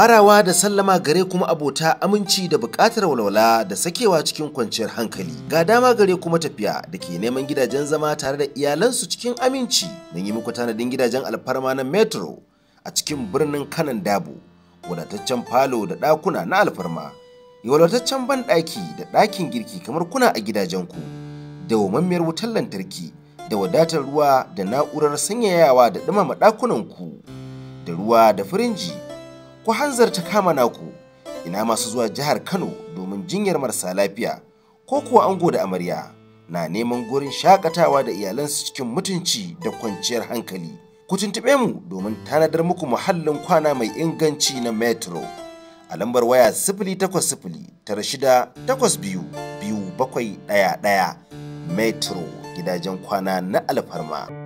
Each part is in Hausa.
farawa da sallama gare kuma abota aminci da buƙatar walwala da sakewa cikin kwanciyar hankali ga dama gare kuma tafiya da ke neman gidajen zama tare da iyalansu cikin aminci mun yi muku tanadin gidajen alfarma na metro a cikin birnin kanan dabo wadataccen falo da ɗakuna na alfarma ban banɗaki da ɗakin girki kamar kuna a gidajenku da wamammiyar wutar lantarki da wadatar ruwa da na'urar sanyayawa da ɗumama ɗakunanku da ruwa da firinji ku hanzarta kama naku ina masu zuwa jihar Kano domin jinyar marasa lafiya ko kuwa ango da amarya na neman gurin shakatawa da iyalansu cikin mutunci da kwanciyar hankali. Ku tuntuɓe mu domin tanadar muku muhallin kwana mai inganci na Metro. A lambar waya sifili takwas sifili ɗaya ɗaya Metro gidajen kwana na alfarma.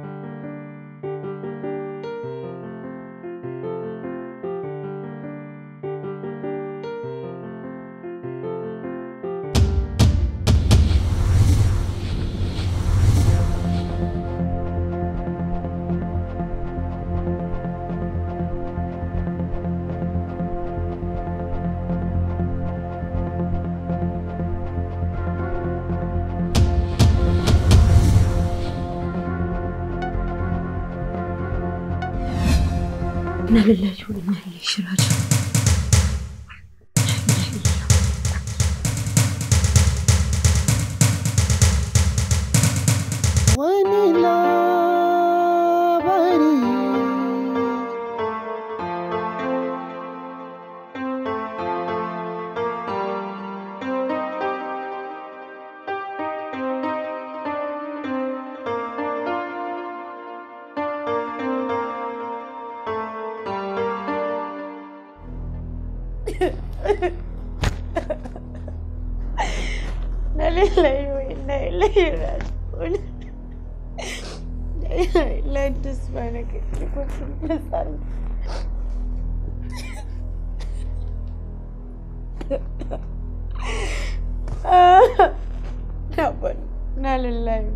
na lillahi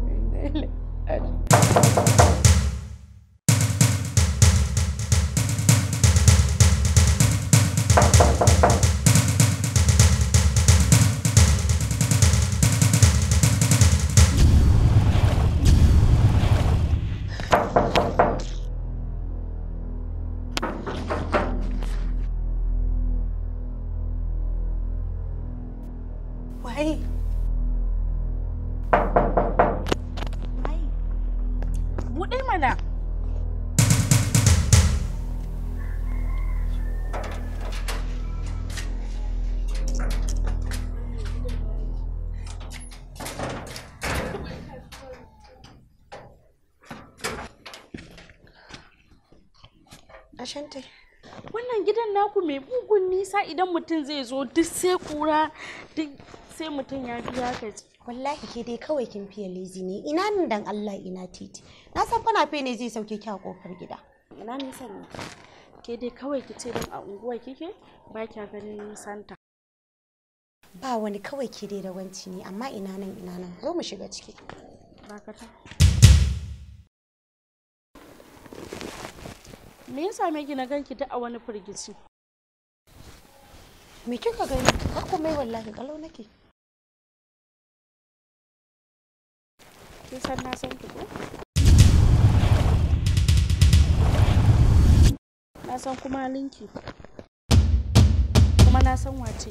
shante wannan gidan naku mai bugun nisa idan mutum zai zo duk sai kura duk sai mutum ya biya gaji wallahi ke dai kawai kin fiye lezi ne ina nan dan Allah ina titi na san kwana fe ne zai sauke ki a kofar gida ina nisan ne ke dai kawai ki ce don a unguwa kike ba kya ganin santa ba wani kawai ke dai rawanci ne amma ina nan ina nan zo mu shiga ciki bakata me ya same ki na ganki duk a wani firgici me kika gani ka komai wallahi kalau nake kin san na san ki ko na san kuma linki kuma na san wace ki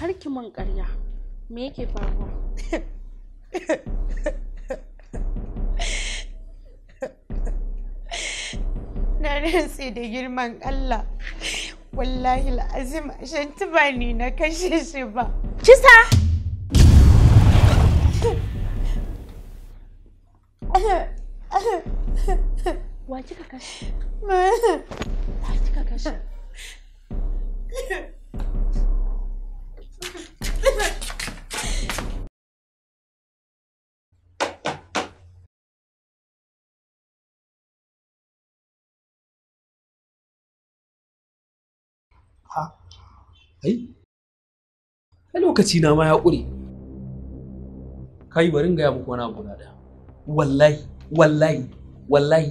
karki mun karya me yake faruwa na rantse da girman Allah wallahi la'azim shanti ba ni na kashe shi ba cisa. wa kika kashe wa kika kashe ha ai a lokaci na ma ya ƙure kai bari in gaya muku wani abu na ɗaya wallahi wallahi wallahi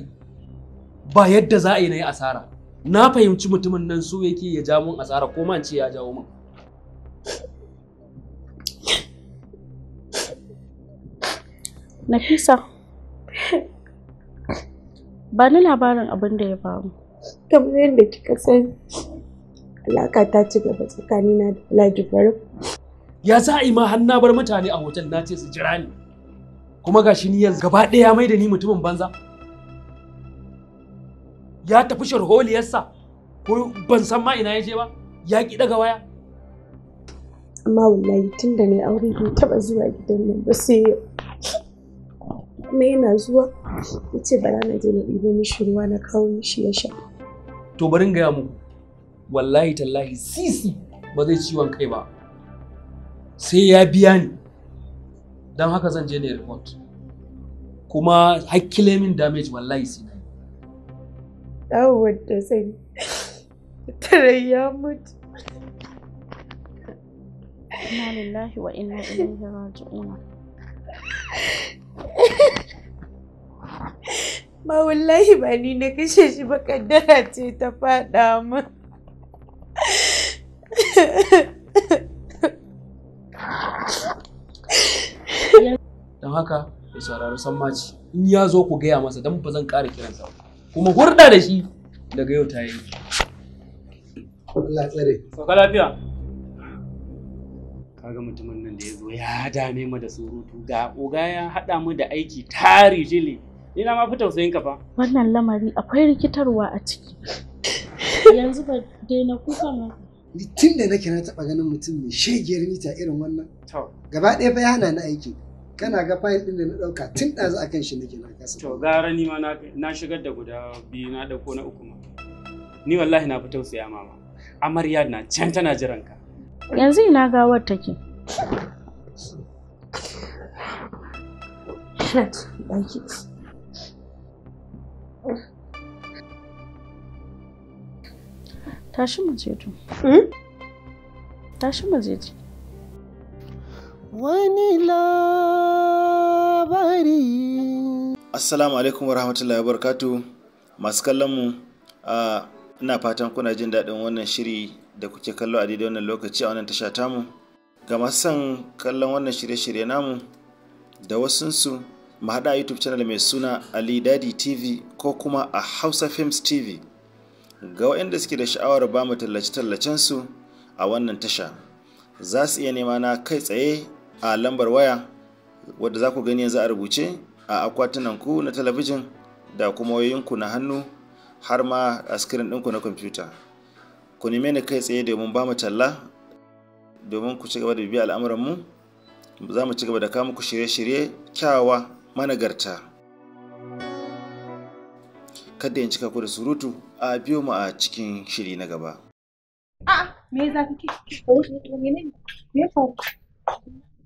ba yadda za a yi na yi asara na fahimci mutumin nan so yake ya ja mun asara ko man ce ya jawo mun Nafisa ba ni labarin abin da ya faru kamar yadda kika sani alaka ta ci gaba tsakanina da Alhaji Faruk. Ya za a yi ma har bar mutane a hotel na ce su jira ni. Kuma ga shi ni yanzu gaba ɗaya mai da ni mutumin banza. Ya tafi sharholiyarsa ko ban san ma ina ya je ba ya ki daga waya. Amma wallahi tun da na aure bai taɓa zuwa gidan nan ba sai kuma yana zuwa ya ce bara na je na ɗibo mishi ruwa na kawo mishi ya sha. To bari in gaya muku wallahi tallahi sisi ba zai ciwon kai ba sai ya biya ni don haka zan je ne report kuma hakkile min damage wallahi sai na yi dawowar da zan tare ya mutu inna lillahi wa inna ilaihi raji'un ba wallahi ba ni na kashe shi ba kaddara ce ta faɗa mu haka ku saurari sammaci in ya zo ku gaya masa don ba zan ƙara kiransa kuma hurɗa da shi daga yau ta yi. Allah tsare. Sauka lafiya. Kaga mutumin nan da ya zo ya dame mu da surutu ga oga ya haɗa mu da aiki tari jili. Ina ma fi tausayin ka fa. Wannan lamari akwai rikitarwa a ciki. Yanzu ba daina kuka ma. Tun da nake na taɓa ganin mutum mai shegiyar mita irin wannan. Gaba ɗaya bayana na aiki. kana ga fayil din da na dauka tun ɗazu kan shi nake na kasa to gara ni ma na shigar da guda biyu na dauko na uku ma ni wallahi na fi tausaya mama amarya na can tana jiran ka yanzu ina gawar take ke. tashi mu je to hmm? tashi mu je to wani labari. Assalamu alaikum warahmatullahi wabarakatu masu kallon mu ina fatan kuna jin daɗin wannan shiri da kuke kallo a daidai wannan lokaci a wannan tasha tamu ga masu son kallon wannan shirye-shirye namu da wasunsu mu haɗa youtube channel mai suna ali dadi tv ko kuma a hausa films tv ga waɗanda suke da sha'awar ba mu tallace-tallacensu a wannan tasha za su iya nema na kai tsaye a lambar waya wadda za ku gani yanzu a rubuce a akwatunan ku na talabijin da kuma wayoyinku na hannu har ma a skirin ɗinku na kwamfuta ku neme ni kai tsaye domin ba mu talla domin ku ci gaba da bibiya al'amuranmu za mu ci gaba da kama ku shirye-shirye kyawawa managarta kada in cika ku da surutu a biyo mu a cikin shiri na gaba a'a me za ka ke me ya faru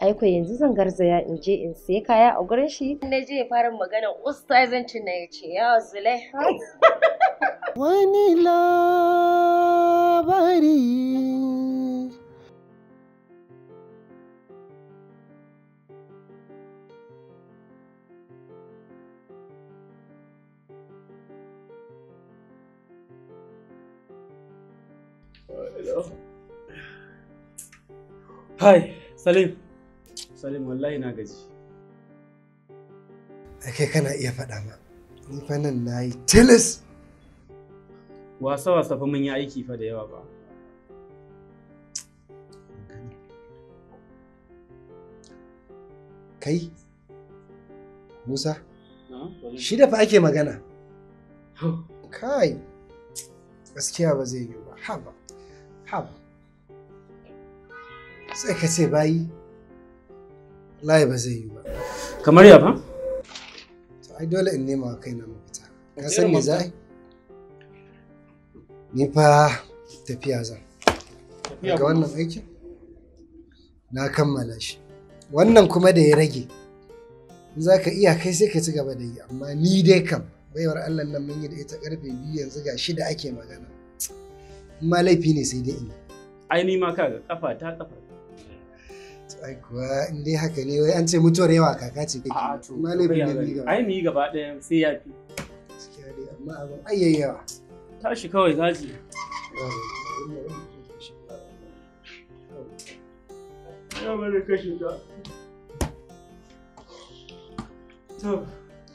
aiko yanzu zan garzaya in je in siya kaya a gurin shi na je fara magana ustazanci na ya ce ya zule wani labari Hi, Salim. Salim wallahi na gaji. Ake kana iya faɗa ma. Ni fa nan na yi tilis. Wasa wasa fa mun yi aiki fa da yawa ba. Kai? Musa? Shi da fa ake magana. Kai, gaskiya ba zai yi ba. Haba, haba. Sai ka ce bayi. wallahi ba zai yi ba kamar ya ba to ai dole in nema kaina mafita ka san me za ni fa tafiya zan ga wannan aikin na kammala shi wannan kuma da ya rage za ka iya kai sai ka ci gaba da yi amma ni dai kam baiwar allah nan mun yi da ita karfe biyu yanzu ga shida ake magana ma laifi ne sai dai ina ai ni ma kaga kafa ta kafa ai kuwa in dai haka ne wai an ce mutuwar yawa kaka ce kake a to ma laifin ne mi gaba ai mi gaba ɗaya sai ya fi gaskiya dai amma abin ai yawa tashi kawai gaji Ya bari kashe ta.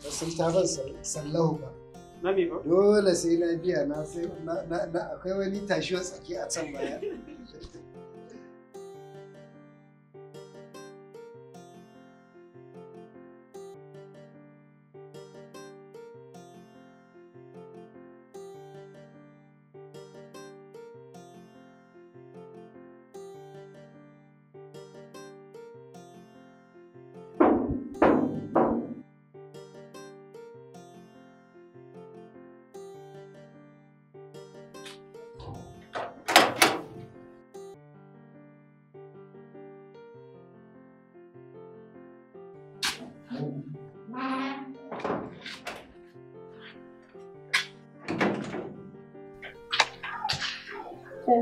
sun ta ban sallahu ba. Dole sai na biya na sai na akwai wani tashiwa tsaki a can baya. Kai.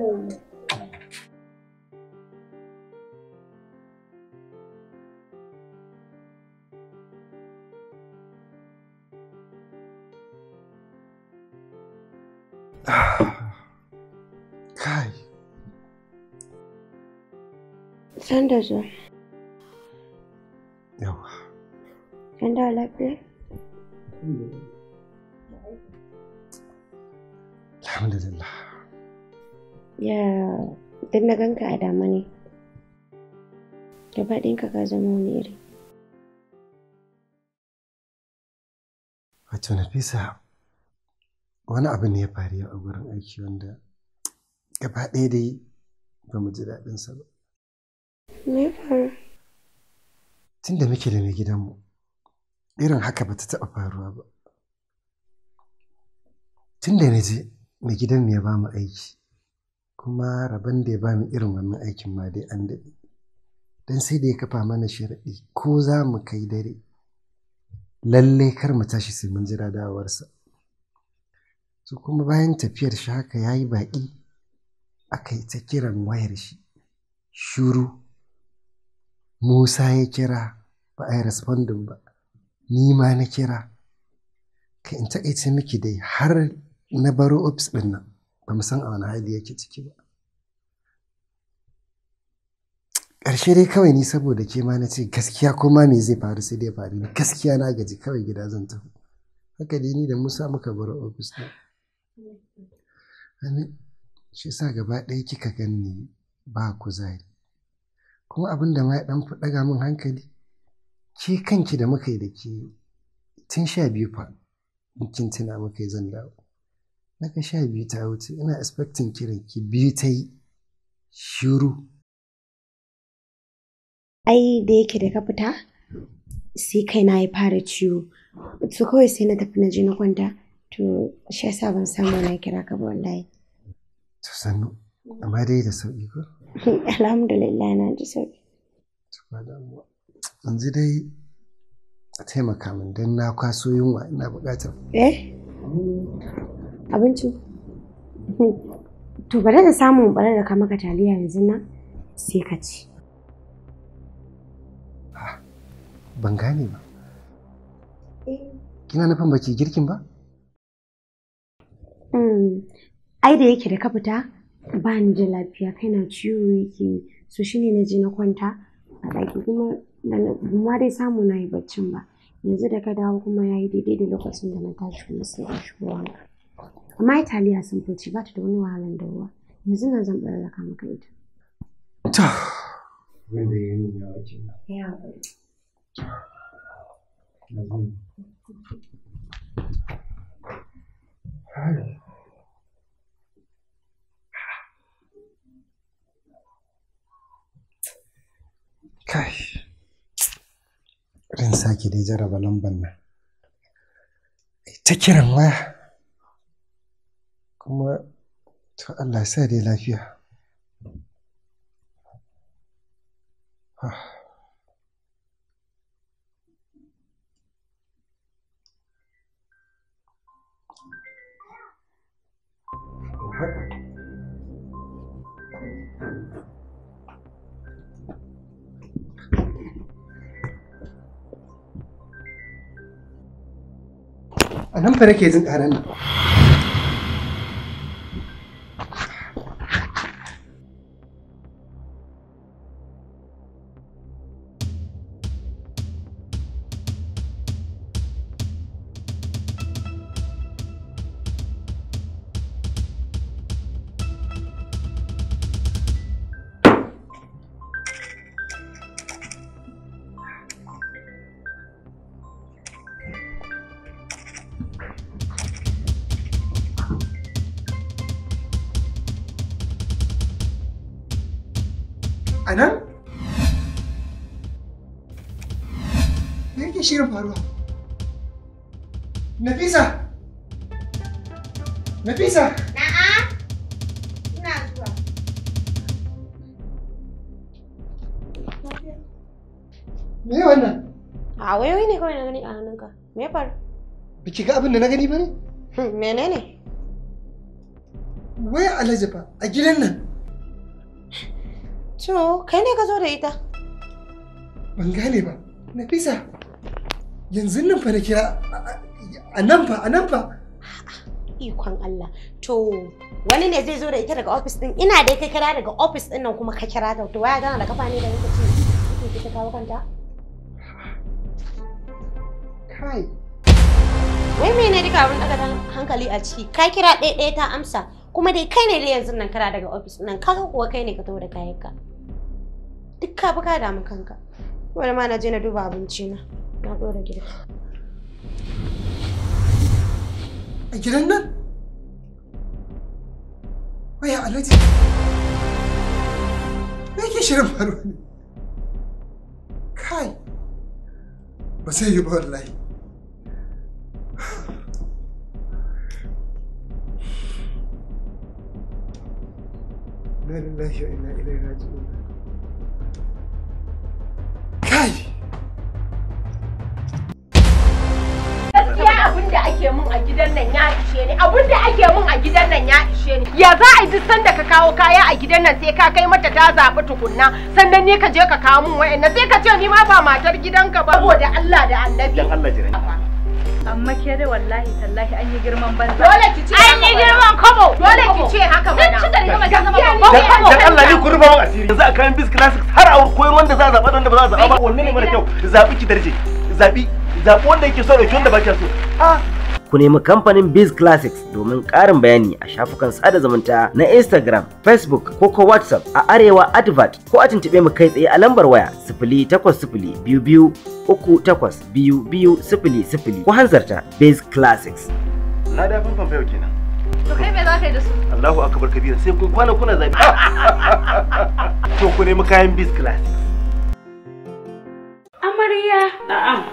San da zuwa. Yawa. Kin da lafiya? Alhamdulillah. ya duk na ganka a dama ne gaba ɗinka ka zama wani iri wato nafisa wani abu ne ya faru a wurin aiki wanda gaba ɗaya dai ba mu ji daɗinsa ba me faru tun da muke da mai gidanmu irin haka bata taɓa faruwa ba tun da na je mai gidanmu ya ba mu aiki kuma rabon da ya bani irin wannan aikin ma dai an daɗe don sai da ya kafa mana sharaɗi ko za mu kai dare lallai kar mu tashi sai mun jira dawarsa su kuma bayan tafiyar shi haka ya yi baƙi aka yi ta kiran wayar shi shuru musa ya kira ba a yi respondin ba ni ma na kira ka in taƙaice miki dai har na baro ofis ɗin nan ba mu san a wani hali yake ciki ba ƙarshe dai kawai ni saboda ke ma na ce gaskiya ko ma me zai faru sai dai faru ni gaskiya na gaji kawai gida zan tafi haka dai ni da musa muka bar ofis na shi sa gaba ɗaya kika ganni ba kuzari kuma abin da ma ya ɗan ɗaga min hankali ke kanki da muka yi da ke tun sha biyu fa mukin tuna muka yi zan dawo na ga sha biyu ta wuce ina expecting ki biyu ta yi shiru ai da yake da ka fita sai kai na ya fara ciwo to kawai sai na tafi na je na kwanta to shi yasa ban samu na kira ka ba wallahi to sannu amma dai da sauki ko alhamdulillah na ji sauki yanzu dai a taimaka min don na kwaso yunwa ina buƙatar eh mm. abinci to bari da samun barar da ka maka taliya yanzu nan sai ka ci ah, ban gane ba eh. kina nufin baki girkin ba mm, ai da yake da ka fita ba ni da lafiya kai na ciwo yake so shine na je na kwanta a ɗaki kuma ma dai samu nayi yi baccin ba yanzu da ka dawo kuma ya yi daidai da lokacin da na tashi kuma sai in shigo amma italiya sun fice ba ta da wani wahalan da ruwa yanzu nan zan raka maka ita ta wanda da yi ya wace ya kai rin sake dai jaraba lambar nan ta kiran waya kuma to Allah ya sa dai lafiya a nan fa nake jin ƙaran nan shirin faruwa? Nafisa! Nafisa! Na'a! zuwa. Me wannan? A wayoyi ne kawai na gani a hannunka. Me ga abin da na gani ba ne? Hmm, Waya Alhaji fa a gidan nan. To, kai ita? Ban gane ba. Nafisa, yanzu nan fa na kira a nan fa a nan fa ikon Allah to wani ne zai zo da ita daga office din ina dai ita kira daga office din nan kuma ka kira ta to waya gana da kafa ne da nake ce kike kawo kanta kai wai me ne duka abin daga hankali a ciki ka kira ɗaya ɗaya ta amsa kuma dai kai ne yanzu nan kira daga office nan kaga kuwa kai ne ka taho da kayanka duk ka bi ka damu kanka wani ma na je na duba abinci na A gidan nan? Waya alaji. Me yake faru ne? Kai. Ba zai yi ba abin da ake mun a gidan nan ya ishe ni abin da ake mun a gidan nan ya ishe ni ya za a yi duk sanda ka kawo kaya a gidan nan sai ka kai mata ta zaɓi tukunna sannan ne ka je ka kawo min wa'annan sai ka ce ni ma ba matar gidanka ba saboda Allah da Annabi dan Allah jira amma ke dai wallahi tallahi an yi girman banza dole ki ce an yi girman kobo dole ki ce haka mana sun ci da rigama ta zama babban kobo dan Allah ni ku rufa mun asiri yanzu a kayan bis classics har a koyar wanda za a zaɓa wanda ba za a zaɓa ba wanne ne mara kyau zaɓi ki darje zaɓi zaɓi wanda yake so da wanda ba so. Ku nemi kamfanin Biz Classics domin ƙarin bayani a shafukan sada zumunta na Instagram, Facebook ko ko WhatsApp a Arewa Advert ko a tuntuɓe mu kai tsaye a lambar waya 0800 takwas sifili biyu ko hanzarta Biz Classics. Na da fanfan fayo kenan. To kai me za ka yi da su? Allahu akbar kabira sai kun kwana kuna zabi. To ku nemi kayan Biz Classics. Amarya. Na'am.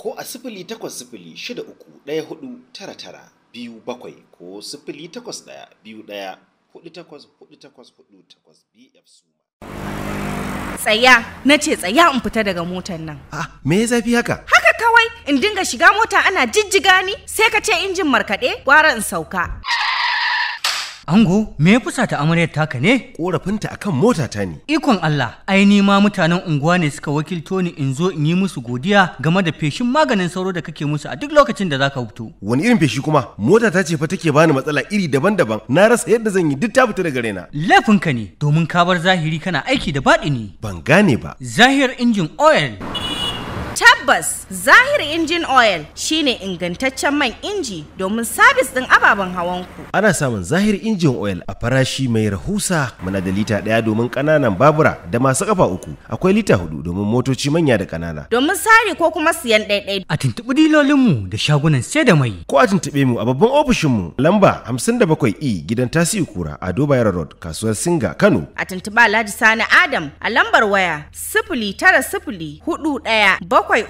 ko a sifili takwas sifili shida uku ɗaya hudu tara tara biyu bakwai ko sifili takwas ɗaya biyu ɗaya hudu takwas hudu takwas hudu takwas bf su. Tsaya, na ce tsaya in fita daga motar nan. Ah, me ya zafi haka? Haka kawai in dinga shiga mota ana jijjiga ni sai ka ce injin markaɗe gwara in sauka. Ango, me ya fusa ta amaryar taka ne? Ƙorafinta kan mota ta ne. Ikon Allah, ai ni ma mutanen unguwa ne suka wakilto ni in zo in yi musu godiya game da feshin maganin sauro da kake musu a duk lokacin da zaka fito. Wani irin feshi kuma? Mota ta ce fa take bani matsala iri daban-daban. Na rasa yadda zan yi duk ta fita daga raina. Laifinka ne, domin ka bar zahiri kana aiki da baɗi baɗini. Ban gane ba. Zahir injin oil. Tap Tabbas Zahir Injin Oil shine ingantaccen man inji domin sabis ɗin ababen hawanku. Ana samun Zahir Injin Oil a farashi mai rahusa muna da lita ɗaya domin ƙananan babura da masu ƙafa uku akwai lita hudu domin motoci manya da ƙanana. Domin sari ko kuma siyan ɗaiɗai. A tuntuɓi mu da shagunan sai da mai. Ko a tuntuɓe mu a babban ofishin mu. lamba 57 E gidan Tasi'u Kura a Dubai Road kasuwar Singa Kano. A tuntuɓa Alhaji Sani Adam a lambar waya sifili tara sifili huɗu ɗaya bakwai